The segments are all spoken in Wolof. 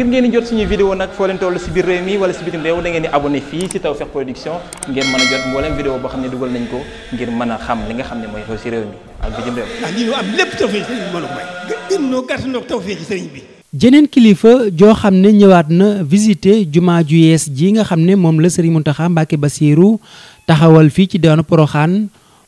ngir ngeen di jot suñuy vidéo nag foo leen toll si biir réew mi wala si bitim réew da ngeen di abonné fii si Tawfekh Production ngeen mën a jot mboolem vidéo boo xam ne mën a xam li nga xam ne mooy xew si réew mi ak bitim ah, jeneen kilifa joo xam ne ñëwaat na visité jumaa ju yees ji nga xam ne moom la sëriñ Mountakha Mbacké Bassirou taxawal fii ci diwaanu Porokhane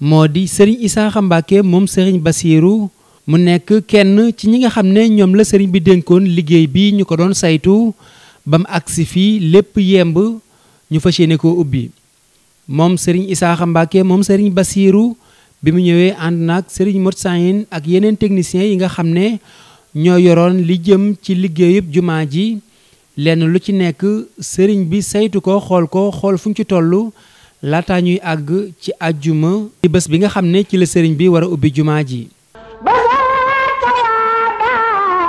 moo di sëriñ Issakha Mbacké moom sëriñ Bassirou mu nekk kenn ci ñi nga xam ne ñoom la sëriñ bi dénkoon liggéey bi ñu ko doon saytu ba mu agsi fii lépp yemb ñu fas yéene koo ubbi moom sëriñ Isaaxa moom sëriñ Basiiru bi mu ñëwee ànd naag sëriñ Mot Sahin ak yeneen techniciens yi nga xam ne ñoo yoroon li jëm ci liggéeyub jumaa ji lenn lu ci nekk sëriñ bi saytu ko xool ko xool fu ñu ci toll laata ñuy àgg ci àjjuma ci bés bi nga xam ne ci la sëriñ bi war a ubbi jumaa ji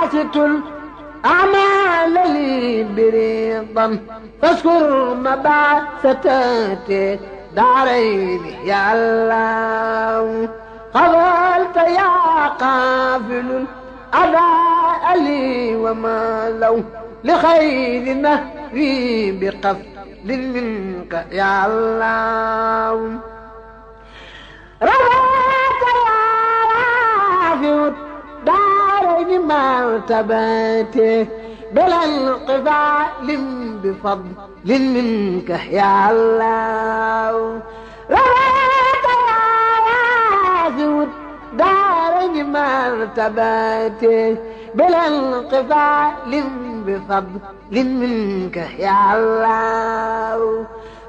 باسط الأعمال لي بريضا فاذكر مبعثتات دارين يا الله قبلت يا قافل أداء لي وما لو لخير نهري بقصد منك يا الله مرتباته بلا انقفال بفضل منك يا الله رويت يا ذو الدارين مرتباته بلا انقفال بفضل منك يا الله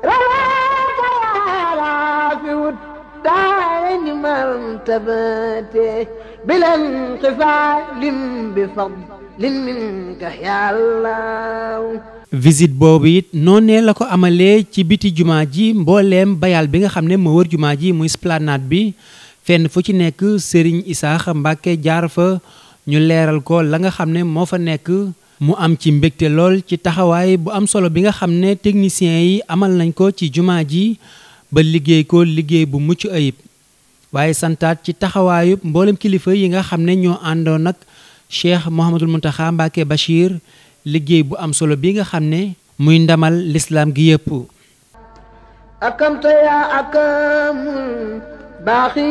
رويت يا رافع الدارين مرتباته بلا boobu it noonee la ko amalee ci biti jumaa ji mbooleem bayal bi nga xam ne moo wër jumaa ji muy esplanade bi fenn fu ci nekk sëriñ Isaaxa Mbàkke jaar fa ñu leeral ko la nga xam ne moo fa nekk mu am ci mbégte lool ci taxawaay bu am solo bi nga xam ne techniciens yi amal nañ ko ci jumaa ji ba liggéey ko liggéey bu mucc ayib waaye santaat ci taxawaayub mboolem kilifa yi nga xam ne ñoo àndoon ak cheikh Mouhamadul Mountakha Mbacké Bachir liggéey bu am solo bi nga xam ne muy ndamal lislaam gi yëpp akamta yaa akamul baaxi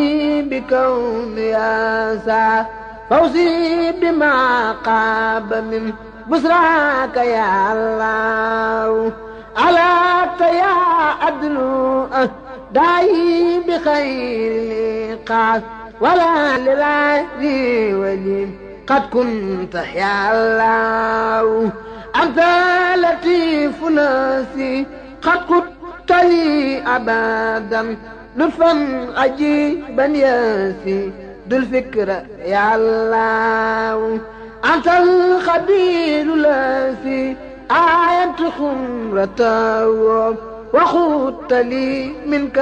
bi kawn yaa saa bi ma qaaba min busraaka yaa allahu alaata yaa adlu ah. داعي بخير قاف ولا للعدي ولي قد كنت يا الله أنت لطيف ناسي قد كنت لي أبدا لطفا عجيبا ياسي ذو الفكرة يا الله أنت الخبير لاسي آية خمرة وخدت لي منك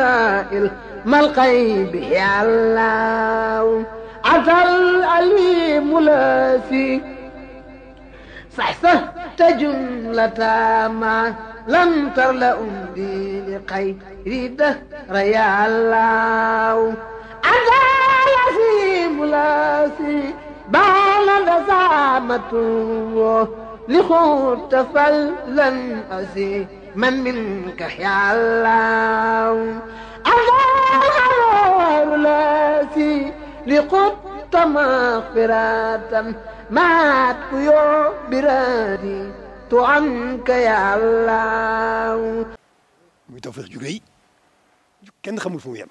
ما الغيب يا الله عسى الأليم لاسي صحصحت جملة ما لم تر لأمدي لخير دهر يا الله عسى الأليم لاسي بان دسامته لخوت فلن أسير من منك يا الله الله لاسي لقد مغفرة معك يا برادي tuank yàlla. muy Tawfekh ju rëy kenn xamul fu mu yem.